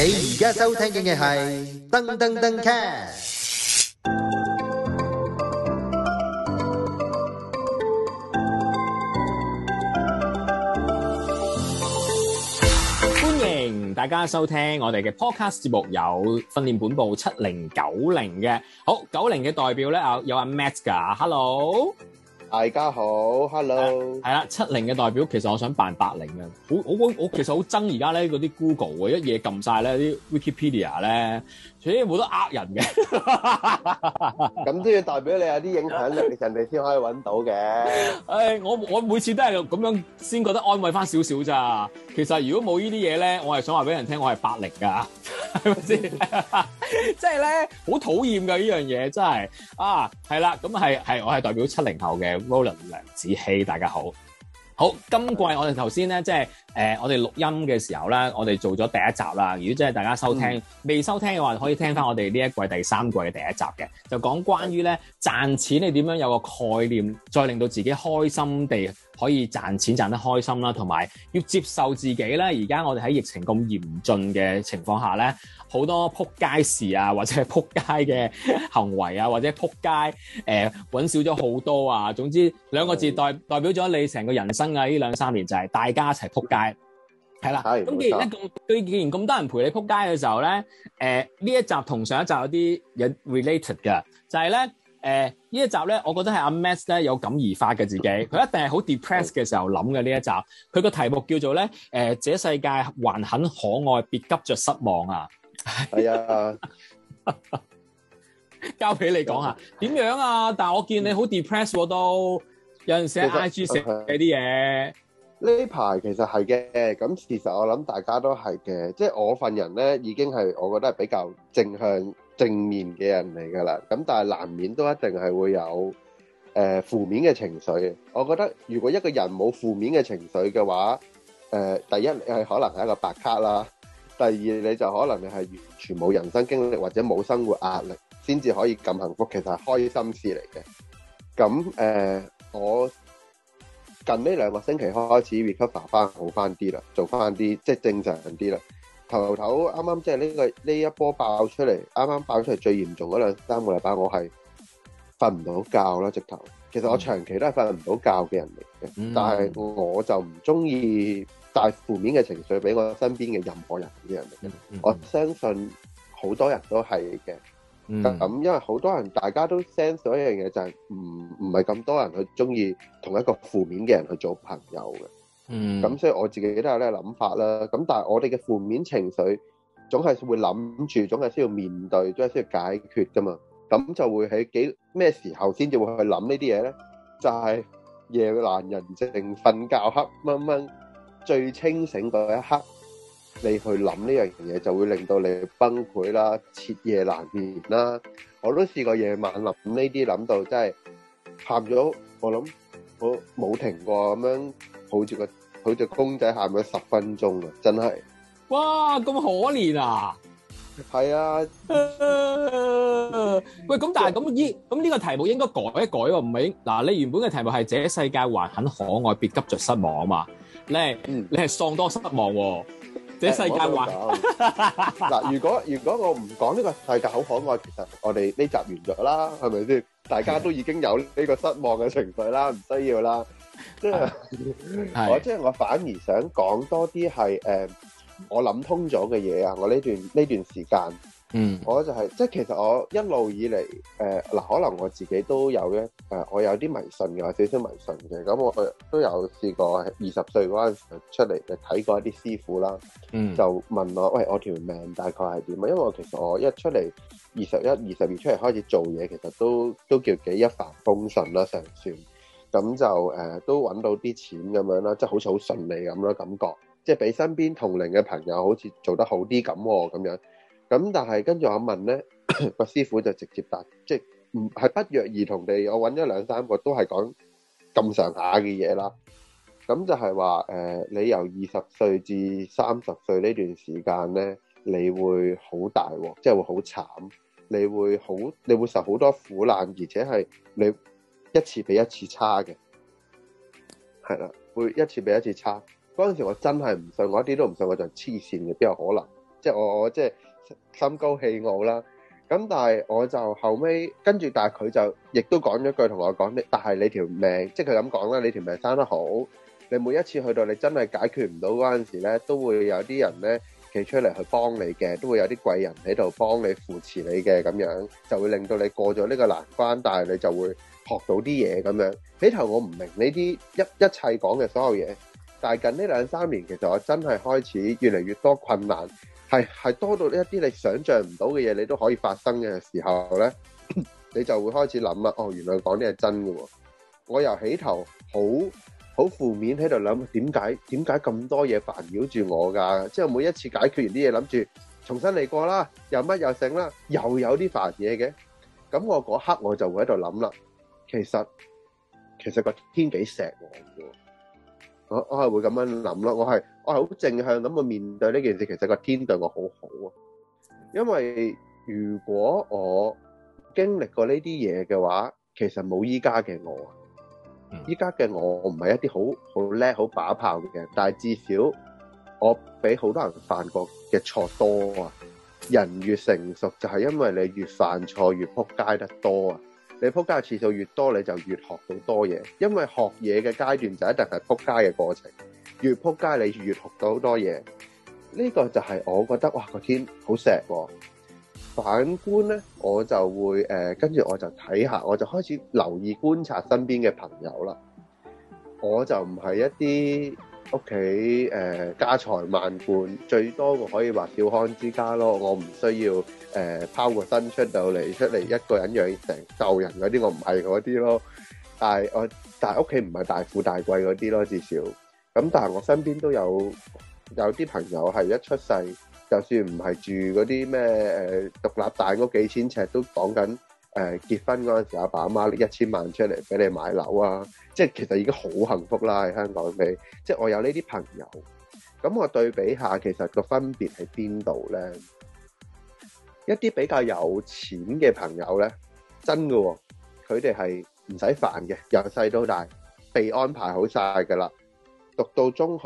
你而家收聽嘅係燈登登 cast，歡迎大家收聽我哋嘅 podcast 節目，有訓練本部七零九零嘅好九零嘅代表咧啊，有阿 Max 噶，Hello。大家好，Hello，係啦、啊，七零嘅代表，其實我想扮八零嘅，好，我我我其實好憎而家咧嗰啲 Google 嘅，一嘢撳晒咧啲 Wikipedia 咧，除咗冇得呃人嘅，咁 都要代表你有啲影響力， 人哋先可以揾到嘅。唉、哎，我我每次都係咁樣先覺得安慰翻少少咋。其實如果冇呢啲嘢咧，我係想話俾人聽，我係八零噶。係咪先？即係咧，好討厭噶呢樣嘢，真係啊係啦。咁係係，我係代表七零後嘅 Roland 梁子希，大家好。好，今季我哋頭先咧，即係誒，我哋錄音嘅時候咧，我哋做咗第一集啦。如果即係大家收聽未、嗯、收聽嘅話，可以聽翻我哋呢一季第三季嘅第一集嘅，就講關於咧賺錢你點樣有個概念，再令到自己開心地。可以賺錢賺得開心啦，同埋要接受自己咧。而家我哋喺疫情咁嚴峻嘅情況下咧，好多撲街事啊，或者撲街嘅行為啊，或者撲街誒揾、呃、少咗好多啊。總之兩個字代代表咗你成個人生啊！呢兩三年就係大家一齊撲街，係、嗯、啦。咁既然咧咁，對，既然咁多人陪你撲街嘅時候咧，呢、呃、一集同上一集有啲有 related 嘅，就係、是、咧。誒、呃，呢一集咧，我覺得係阿、啊、Max 咧有感而發嘅自己，佢一定係好 depressed 嘅時候諗嘅呢一集。佢個題目叫做咧，誒、呃，這世界還很可愛，別急着失望啊。係、哎、啊， 交俾你講下點樣啊？但係我見你好 depressed 喎、啊，都有人寫 IG 食嗰啲嘢。呢排其實係嘅，咁、嗯、其實我諗大家都係嘅，即、就、係、是、我份人咧已經係，我覺得係比較正向。正面嘅人嚟噶啦，咁但係難免都一定係會有誒、呃、負面嘅情緒。我覺得如果一個人冇負面嘅情緒嘅話，誒、呃、第一你係可能係一個白卡啦，第二你就可能你係完全冇人生經歷或者冇生活壓力先至可以咁幸福。其實係開心事嚟嘅。咁誒、呃，我近呢兩個星期開始 recover 翻好翻啲啦，做翻啲即係正常啲啦。頭頭啱啱即係呢個呢一波爆出嚟，啱啱爆出嚟最嚴重嗰兩三個禮拜，我係瞓唔到覺啦！直頭，其實我長期都係瞓唔到覺嘅人嚟嘅、嗯，但係我就唔中意帶負面嘅情緒俾我身邊嘅任何人嘅人嚟嘅、嗯嗯嗯。我相信好多人都係嘅，咁、嗯、因為好多人大家都 sense 咗一樣嘢，就係唔唔係咁多人去中意同一個負面嘅人去做朋友嘅。嗯，咁所以我自己都有呢個諗法啦。咁但係我哋嘅負面情緒總係會諗住，總係需要面對，總係需要解決噶嘛。咁就會喺幾咩時候先至會去諗呢啲嘢咧？就係、是、夜闌人靜，瞓覺黑掹掹，最清醒嗰一刻，你去諗呢樣嘢就會令到你崩潰啦，徹夜難眠啦。我都試過夜晚諗呢啲諗到真係喊咗，我諗我冇停過咁樣抱住個。好似公仔喊咗十分鐘啊，真係哇咁可憐啊！係啊，喂，咁但係咁依咁呢個題目應該改一改喎，唔係應嗱，你原本嘅題目係這世界還很可愛，別急著失望啊嘛，你你係喪多失望喎，這世界還嗱，如果如果我唔講呢個世界好可愛，其實我哋呢集完咗啦，係咪先？大家都已經有呢個失望嘅情緒啦，唔需要啦。即係，我即係我反而想講多啲係，誒，我諗通咗嘅嘢啊。我呢段呢段時間，嗯，我就係即係，其實我一路以嚟，誒，嗱，可能我自己都有嘅。誒，我有啲迷信嘅，或者少迷信嘅，咁我都有試過，係二十歲嗰陣時候出嚟就睇過一啲師傅啦，嗯，就問我，喂，我條命大概係點啊？因為我其實我一出嚟二十一、二十二出嚟開始做嘢，其實都都叫幾一帆風順啦，成算。咁就誒、呃、都揾到啲錢咁樣啦，即係好似好順利咁啦，感覺即係俾身邊同齡嘅朋友好似做得好啲咁喎咁樣。咁但係跟住我問咧，個 師傅就直接答，即係唔係不約而同地，我揾咗兩三個都係講咁上下嘅嘢啦。咁就係話誒，你由二十歲至三十歲呢段時間咧，你會好大鑊，即係會好慘，你會好，你會受好多苦難，而且係你。一次比一次差嘅，係啦，會一次比一次差。嗰陣時我真係唔信，我一啲都唔信，我就黐線嘅，邊有可能？即係我我即係心高氣傲啦。咁但係我就後尾跟住，但係佢就亦都講咗句同我講：你，但係你條命，即係佢咁講啦。你條命生得好，你每一次去到你真係解決唔到嗰陣時咧，都會有啲人咧企出嚟去幫你嘅，都會有啲貴人喺度幫你扶持你嘅，咁樣就會令到你過咗呢個難關，但係你就會。學到啲嘢，咁樣，起頭我唔明呢啲一一,一切講嘅所有嘢，但係近呢兩三年，其實我真係開始越嚟越多困難，係係多到一啲你想象唔到嘅嘢，你都可以發生嘅時候咧，你就會開始諗啦。哦，原來講啲係真嘅。我又起頭好好負面喺度諗，點解點解咁多嘢煩擾住我噶？之後每一次解決完啲嘢，諗住重新嚟過啦，又乜又醒啦，又有啲煩嘢嘅，咁我嗰刻我就會喺度諗啦。其實其實個天幾錫我嘅，我我係會咁樣諗咯，我係我係好正向咁去面對呢件事。其實個天對我好好啊，因為如果我經歷過呢啲嘢嘅話，其實冇依家嘅我，依家嘅我唔係一啲好好叻好把炮嘅人，但係至少我比好多人犯過嘅錯多啊。人越成熟就係因為你越犯錯越仆街得多啊。你撲街嘅次數越多，你就越學到多嘢，因為學嘢嘅階段就一定係撲街嘅過程。越撲街，你越學到好多嘢。呢、這個就係我覺得哇，個天好錫喎。反觀咧，我就會誒，跟、呃、住我就睇下，我就開始留意觀察身邊嘅朋友啦。我就唔係一啲屋企誒家財萬貫，最多我可以話小康之家咯。我唔需要。誒、呃，拋個身出到嚟，出嚟一個人養成救人嗰啲，我唔係嗰啲咯。但係我，但係屋企唔係大富大貴嗰啲咯，至少。咁但係我身邊都有有啲朋友係一出世，就算唔係住嗰啲咩誒獨立大屋幾千尺，都講緊誒結婚嗰陣時，阿爸阿媽拎一千萬出嚟俾你買樓啊！即係其實已經好幸福啦，喺香港俾。即係我有呢啲朋友，咁我對比下，其實個分別喺邊度咧？一啲比較有錢嘅朋友咧，真嘅、哦，佢哋係唔使煩嘅，由細到大被安排好晒㗎啦。讀到中學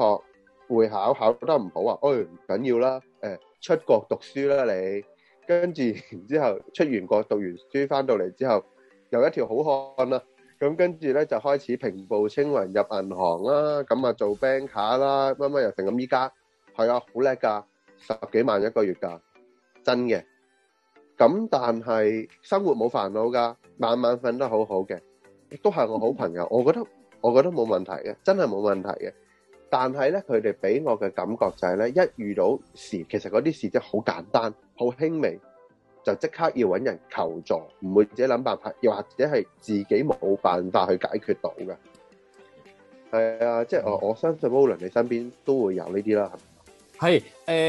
會考考得唔好啊？誒唔緊要啦，誒出國讀書啦你。跟住然之後出完國讀完書翻到嚟之後，又一條好漢啦。咁跟住咧就開始平步青雲入銀行啦，咁啊做 bank 卡啦，乜乜又成這樣。咁依家係啊，好叻㗎，十幾萬一個月㗎，真嘅。咁但係生活冇煩惱噶，晚晚瞓得好好嘅，亦都係我好朋友。我覺得我覺得冇問題嘅，真係冇問題嘅。但係咧，佢哋俾我嘅感覺就係咧，一遇到事，其實嗰啲事真係好簡單、好輕微，就即刻要揾人求助，唔會自己諗辦法，又或者係自己冇辦法去解決到嘅。係啊，即係我我相信你身邊都會有呢啲啦，係咪？係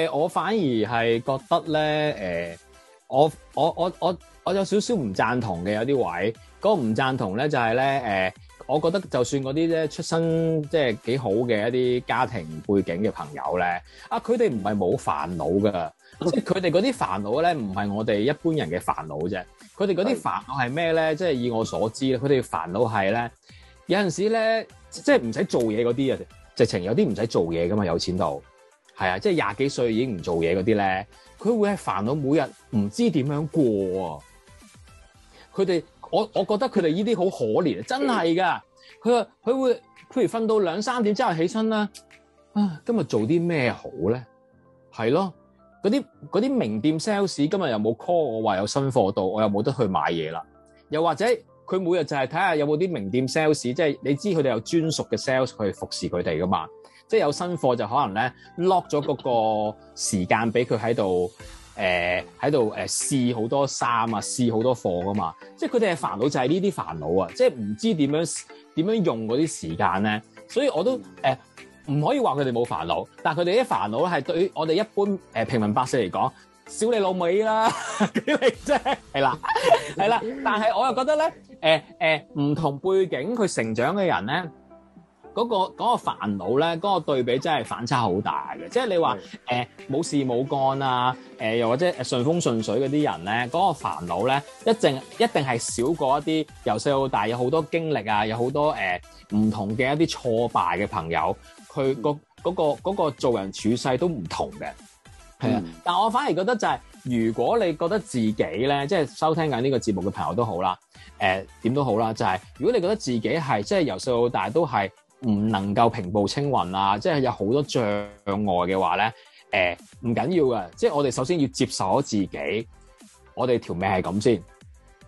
誒，我反而係覺得咧誒。我我我我我有少少唔贊同嘅有啲位，嗰個唔贊同咧就係咧呃，我覺得就算嗰啲咧出身即係幾好嘅一啲家庭背景嘅朋友咧，啊佢哋唔係冇煩惱噶， 即係佢哋嗰啲煩惱咧唔係我哋一般人嘅煩惱啫，佢哋嗰啲煩惱係咩咧？即係以我所知咧，佢哋煩惱係咧有陣時咧即係唔使做嘢嗰啲啊，直情有啲唔使做嘢噶嘛，有錢到係啊，即係廿幾歲已經唔做嘢嗰啲咧。佢會係煩到每日唔知點樣過啊！佢哋我我覺得佢哋呢啲好可憐，真係噶。佢佢會譬如瞓到兩三點之後起身啦，啊，今日做啲咩好咧？係咯，嗰啲啲名店 sales 今日又冇 call 我話有新貨到，我又冇得去買嘢啦。又或者佢每日就係睇下有冇啲名店 sales，即係你知佢哋有專屬嘅 sales 去服侍佢哋噶嘛？即係有新貨就可能咧 lock 咗嗰個時間俾佢喺度，誒喺度誒試好多衫啊，試好多貨噶嘛。即係佢哋嘅煩惱就係呢啲煩惱啊，即係唔知點樣點樣用嗰啲時間咧。所以我都誒唔可以話佢哋冇煩惱，但係佢哋啲煩惱咧係對於我哋一般誒平民百姓嚟講，小你老味啦，真 啫， 係啦係啦。但係我又覺得咧，誒誒唔同背景佢成長嘅人咧。嗰個嗰個煩惱咧，嗰個對比真係反差好大嘅。即係你話誒冇事冇幹啊，誒又或者順風順水嗰啲人咧，嗰個煩惱咧，一定一定係少過一啲由細到大有好多經歷啊，有好多誒唔同嘅一啲挫敗嘅朋友，佢個嗰個嗰個做人處世都唔同嘅。係啊，但我反而覺得就係，如果你覺得自己咧，即係收聽緊呢個節目嘅朋友都好啦，誒點都好啦，就係如果你覺得自己係即係由細到大都係唔能夠平步青雲啊！即係有好多障礙嘅話咧，誒唔緊要嘅，即係我哋首先要接受咗自己，我哋條命係咁先，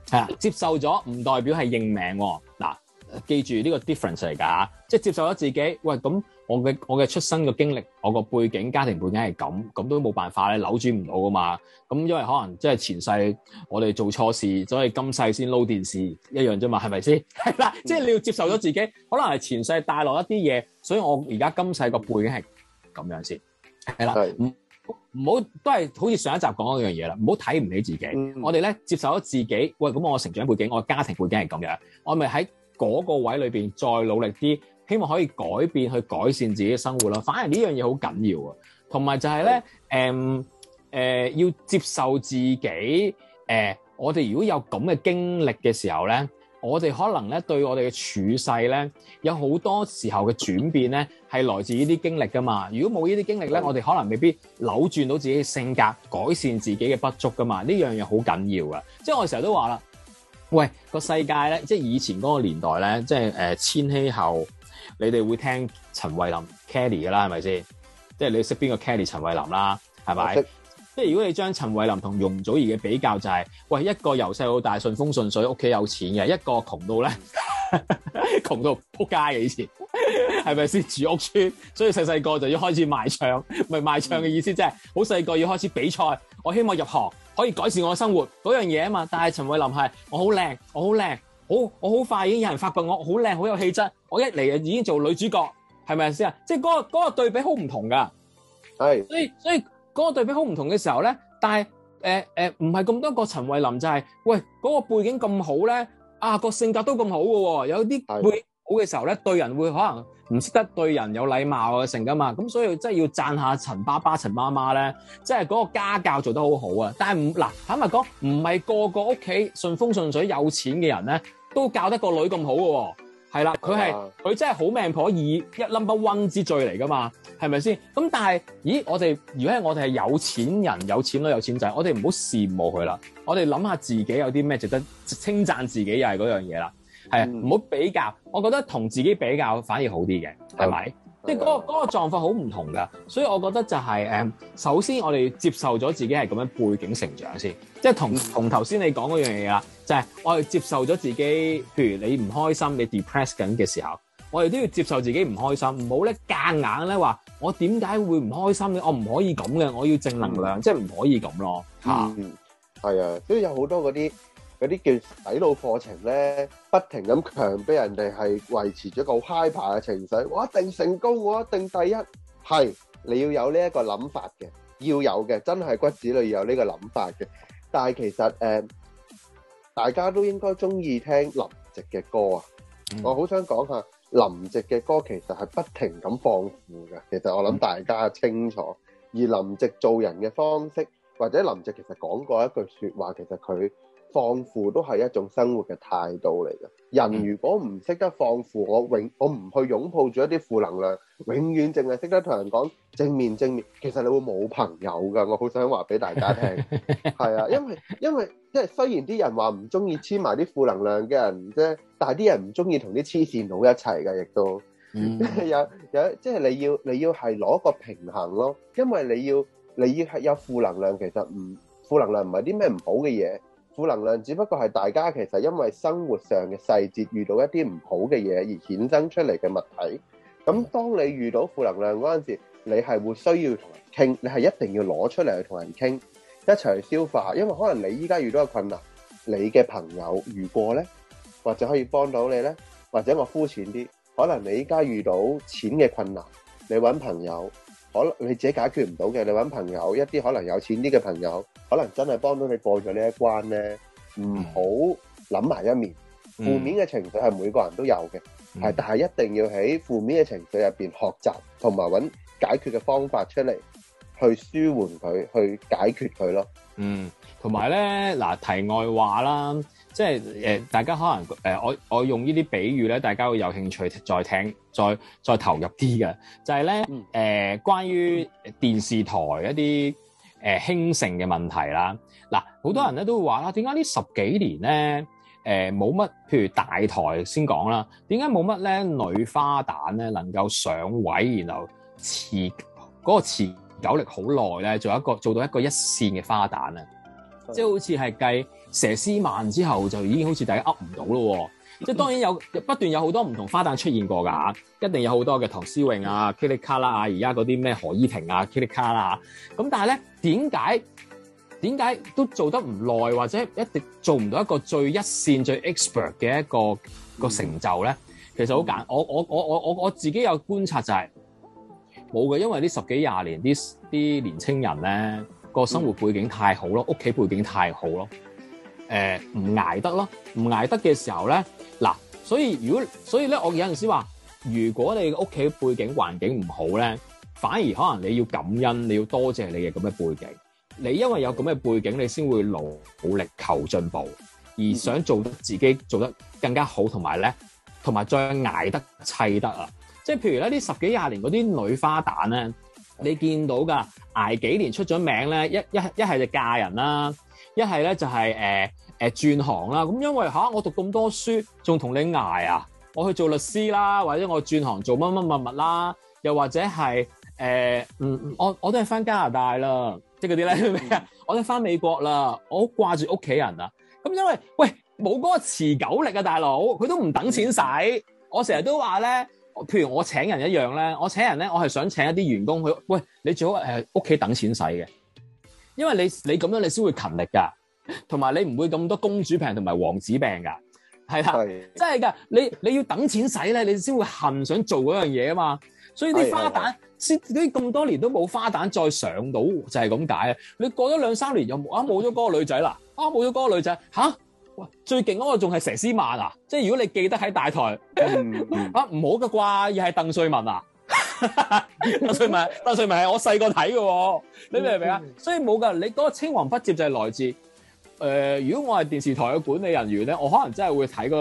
係啦，接受咗唔代表係認命嗱、啊。記住呢個 difference 嚟㗎，即係接受咗自己。喂，咁我嘅我嘅出生嘅經歷，我個背景家庭背景係咁，咁都冇辦法咧，扭轉唔到㗎嘛。咁因為可能即係前世我哋做錯事，所以今世先撈電視一樣啫嘛，係咪先？係啦、嗯，即係你要接受咗自己，可能係前世帶落一啲嘢，所以我而家今世個背景係咁樣先係啦。唔唔好都係好似上一集講嗰樣嘢啦，唔好睇唔起自己。我哋咧接受咗自己。喂，咁我成長背景，我家庭背景係咁樣，我咪喺，嗰、那個位裏面再努力啲，希望可以改變去改善自己嘅生活啦。反而呢樣嘢好緊要啊，同埋就係、是、咧、嗯呃呃，要接受自己。呃、我哋如果有咁嘅經歷嘅時候咧，我哋可能咧對我哋嘅處世咧，有好多時候嘅轉變咧，係來自於呢啲經歷噶嘛。如果冇呢啲經歷咧，我哋可能未必扭轉到自己嘅性格，改善自己嘅不足噶嘛。呢樣嘢好緊要噶，即係我成日都話啦。喂，個世界咧，即係以前嗰個年代咧，即係誒千禧後，你哋會聽陳慧琳 Kelly 噶啦，係咪先？即係你識邊個 Kelly 陳慧琳啦，係咪？Okay. 即係如果你將陳慧琳同容祖兒嘅比較，就係，就係喂一個由細到大順風順水，屋企有錢嘅，一個窮到咧， 窮到撲街嘅以前，係咪先？ 住屋村，所以細細個就要開始賣唱，唔係賣唱嘅意思即係好細個要開始比賽，我希望入行。可以改善我嘅生活嗰樣嘢啊嘛，但係陳慧琳係我好靚，我好靚，好我好快已經有人發覺我好靚，好有氣質，我一嚟啊已經做女主角，係咪先啊？即係嗰個嗰個對比好唔同㗎，係，所以所以嗰個對比好唔同嘅時候咧，但係誒誒唔係咁多個陳慧琳就係，喂嗰個背景咁好咧，啊個性格都咁好嘅喎，有啲背。好嘅時候咧，對人會可能唔識得對人有禮貌嘅成㗎嘛，咁所以真係要讚下陳爸爸、陳媽媽咧，即係嗰個家教做得好好啊！但係唔嗱，坦白講，唔係個個屋企順風順水、有錢嘅人咧，都教得個女咁好嘅喎，係啦，佢係佢真係好命婆，以一 number one 之最嚟㗎嘛，係咪先？咁但係，咦，我哋如果係我哋係有錢人、有錢女、有錢仔，我哋唔好羨慕佢啦，我哋諗下自己有啲咩值得稱讚自己又係嗰樣嘢啦。係啊，唔好比較、嗯，我覺得同自己比較反而好啲嘅，係、嗯、咪？即係、那、嗰個狀況狀況好唔同噶，所以我覺得就係、是、首先我哋接受咗自己係咁樣背景成長先，即係同同頭先你講嗰樣嘢啦，就係、是、我哋接受咗自己，譬如你唔開心，你 depress 緊緊嘅時候，我哋都要接受自己唔開心，唔好咧夾硬咧話我點解會唔開心嘅？我唔可以咁嘅，我要正能量，即係唔可以咁咯嚇。係、嗯、啊，都有好多嗰啲。嗰啲叫洗腦課程呢，不停咁強逼人哋係維持咗個 hyper 嘅情緒。我一定成功，我一定第一。係你要有呢一個諗法嘅，要有嘅，真係骨子裏要有呢個諗法嘅。但係其實誒、呃，大家都應該中意聽林夕嘅歌啊。我好想講下林夕嘅歌其實係不停咁放負嘅。其實我諗大家清楚，而林夕做人嘅方式或者林夕其實講過一句説話，其實佢。放負都係一種生活嘅態度嚟㗎。人如果唔識得放負，我永我唔去擁抱住一啲負能量，永遠淨係識得同人講正面正面。其實你會冇朋友㗎。我好想話俾大家聽係 啊，因為因為即係雖然啲人話唔中意黐埋啲負能量嘅人啫，但係啲人唔中意同啲黐線佬一齊㗎，亦都 有有即係、即係、你要你要係攞個平衡咯，因為你要你要係有負能量，其實唔負能量唔係啲咩唔好嘅嘢。負能量只不過係大家其實因為生活上嘅細節遇到一啲唔好嘅嘢而衍生出嚟嘅物體。咁當你遇到負能量嗰陣時，你係會需要同人傾，你係一定要攞出嚟去同人傾，一齊嚟消化。因為可能你依家遇到嘅困難，你嘅朋友遇過呢，或者可以幫到你呢，或者我膚淺啲，可能你依家遇到錢嘅困難，你揾朋友。可你自己解決唔到嘅，你揾朋友，一啲可能有錢啲嘅朋友，可能真係幫到你過咗呢一關呢。唔好諗埋一面，負面嘅情緒係每個人都有嘅，係、嗯，但係一定要喺負面嘅情緒入邊學習，同埋揾解決嘅方法出嚟，去舒緩佢，去解決佢咯。嗯，同埋呢，嗱題外話啦。即係、呃、大家可能誒、呃，我我用呢啲比喻咧，大家會有興趣再聽、再再投入啲嘅，就係咧誒，關於電視台一啲誒興盛嘅問題啦。嗱，好多人咧都會話啦，點解呢十幾年咧誒冇乜，譬如大台先講啦，點解冇乜咧女花旦咧能夠上位，然後持嗰、那個、持久力好耐咧，做一個做到一個一線嘅花旦啊？即係好似係計。佘詩曼之後就已經好似大家噏唔到咯，即係當然有不斷有好多唔同花旦出現過㗎，一定有好多嘅唐詩詠啊、Kelly 卡啦啊，而家嗰啲咩何依婷啊、Kelly 卡啦咁。但係咧，點解點解都做得唔耐，或者一定做唔到一個最一線最 expert 嘅一,一個成就咧？其實好簡單，我我我我我我自己有觀察就係冇嘅，因為呢十幾廿年啲啲年青人咧、個生活背景太好咯，屋、嗯、企背景太好咯。誒、呃、唔捱得咯，唔捱得嘅時候咧，嗱、啊，所以如果所以咧，我有陣時話，如果你屋企背景環境唔好咧，反而可能你要感恩，你要多謝你嘅咁嘅背景，你因為有咁嘅背景，你先會努力求進步，而想做得自己做得更加好，同埋咧，同埋再捱得砌得啊！即係譬如咧，呢十幾廿年嗰啲女花旦咧，你見到㗎，捱幾年出咗名咧，一一一係就嫁人啦、啊。一係咧就係誒誒轉行啦，咁因為吓、啊、我讀咁多書，仲同你捱啊！我去做律師啦，或者我轉行做乜乜乜物啦，又或者係誒嗯嗯，我我都係翻加拿大啦，即係嗰啲咧，我都翻美國啦，我好掛住屋企人啊！咁因為喂冇嗰個持久力啊，大佬佢都唔等錢使，我成日都話咧，譬如我請人一樣咧，我請人咧，我係想請一啲員工去，喂你最好係屋企等錢使嘅。因為你你咁樣你先會勤力噶，同埋你唔會咁多公主病同埋王子病噶，係啦，真係噶，你你要等錢使咧，你先會恨想做嗰樣嘢啊嘛，所以啲花旦，先咁多年都冇花旦再上到就係咁解啊！你過咗兩三年又冇啊冇咗嗰個女仔啦，啊冇咗嗰個女仔嚇、啊，最勁嗰個仲係佘詩曼啊！即係如果你記得喺大台、嗯嗯、啊唔好嘅啩，要係鄧萃雯啊。陳瑞文，陳瑞文，係我細個睇嘅，你明唔明啊？所以冇噶，你嗰個青黃不接就係來自誒、呃。如果我係電視台嘅管理人員咧，我可能真係會睇、嗰個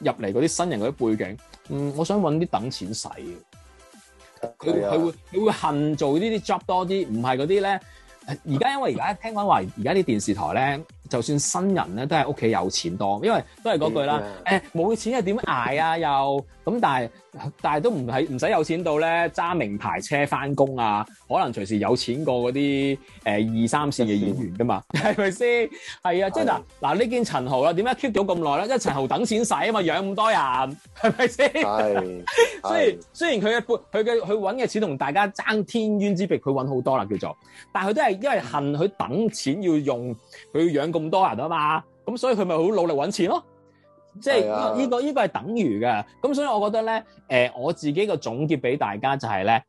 入嚟嗰啲新人嗰啲背景。嗯，我想揾啲等錢使。佢佢會佢會，會恨做呢啲 job 多啲，唔係嗰啲咧。而家因為而家聽講話，而家啲電視台咧，就算新人咧，都係屋企有錢多，因為都係嗰句啦。誒，冇錢又點捱啊？又咁，但係。但係都唔係唔使有錢到咧揸名牌車翻工啊！可能隨時有錢過嗰啲誒二三線嘅演員噶嘛，係咪先？係 是啊，即係嗱嗱呢件陳豪啦，點解 keep 咗咁耐咧？因為陳豪等錢使啊嘛，養咁多人，係咪先？係。雖然雖然佢佢嘅佢揾嘅錢同大家爭天淵之別，佢揾好多啦叫做，但佢都係因為恨佢等錢要用，佢要養咁多人啊嘛，咁所以佢咪好努力揾錢咯。即係呢個呢個係等於嘅，咁所以我覺得咧，誒、呃、我自己個總結俾大家就係、是、咧，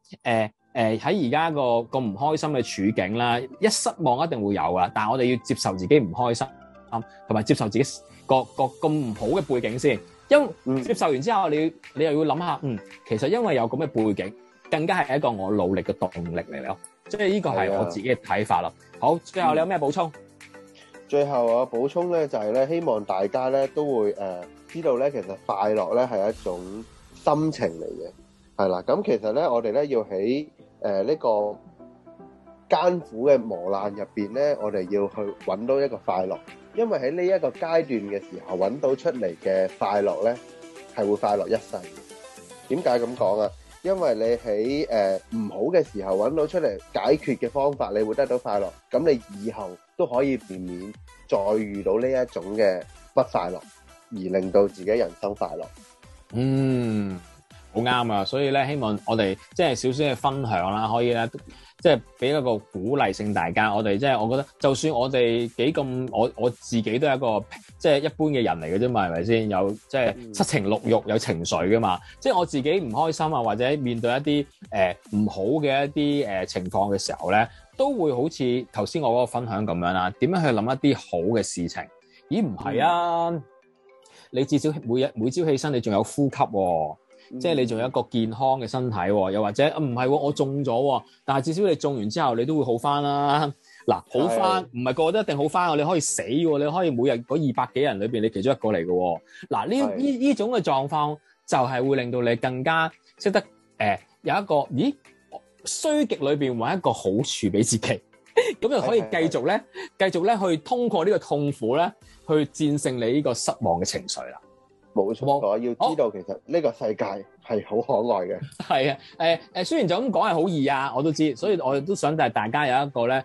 誒誒喺而家個咁唔開心嘅處境啦，一失望一定會有噶，但係我哋要接受自己唔開心，同埋接受自己個個咁唔好嘅背景先。因為接受完之後你，你你又要諗下，嗯，其實因為有咁嘅背景，更加係一個我努力嘅動力嚟咯。即係呢個係我自己嘅睇法啦。好，最後你有咩補充？最後我補充咧，就係、是、咧，希望大家咧都會誒、呃、知道咧，其實快樂咧係一種心情嚟嘅，係啦。咁其實咧，我哋咧要喺誒、呃這個、呢個艱苦嘅磨難入邊咧，我哋要去揾到一個快樂，因為喺呢一個階段嘅時候揾到出嚟嘅快樂咧，係會快樂一世。點解咁講啊？因為你喺誒唔好嘅時候揾到出嚟解決嘅方法，你會得到快樂。咁你以後。都可以避免再遇到呢一種嘅不快樂，而令到自己人生快樂。嗯，好啱呀！所以呢，希望我哋即係少少嘅分享啦，可以咧。即係俾一個鼓勵性，大家我哋即係我覺得，就算我哋幾咁，我我自己都係一個即係一般嘅人嚟嘅啫嘛，係咪先？有即係七情六慾，有情緒㗎嘛。即係我自己唔開心啊，或者面對一啲誒唔好嘅一啲誒情況嘅時候咧，都會好似頭先我嗰個分享咁樣啦。點樣去諗一啲好嘅事情？咦，唔係啊！你至少每日每朝起身，你仲有呼吸喎，啊。嗯、即係你仲有一個健康嘅身體喎、哦，又或者唔係喎，我中咗喎、哦，但係至少你中完之後你都會好翻啦。嗱、啊，好翻唔係個個都一定好翻，喎。你可以死喎，你可以每日嗰二百幾人裏面你其中一個嚟嘅。嗱、啊，呢呢呢種嘅狀況就係會令到你更加識得誒、呃、有一個，咦，衰極裏面搵一個好處俾自己，咁 就可以繼續咧，繼續咧去通過呢個痛苦咧，去戰勝你呢個失望嘅情緒啦。冇錯，要知道其實呢個世界係好可愛嘅。係、哦、啊，誒誒，雖然就咁講係好易啊，我都知，所以我都想就係大家有一個咧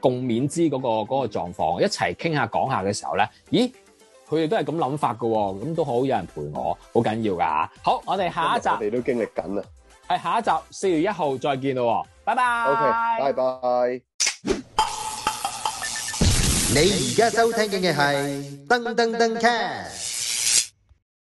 共勉之嗰個嗰、嗰個狀況，一齊傾下講下嘅時候咧，咦，佢哋都係咁諗法嘅，咁都好有人陪我，好緊要㗎。好，我哋下一集，我哋都經歷緊啊，係下一集四月一號再見咯，拜拜。O、okay, K，拜拜。你而家收聽緊嘅係噔噔噔 cast。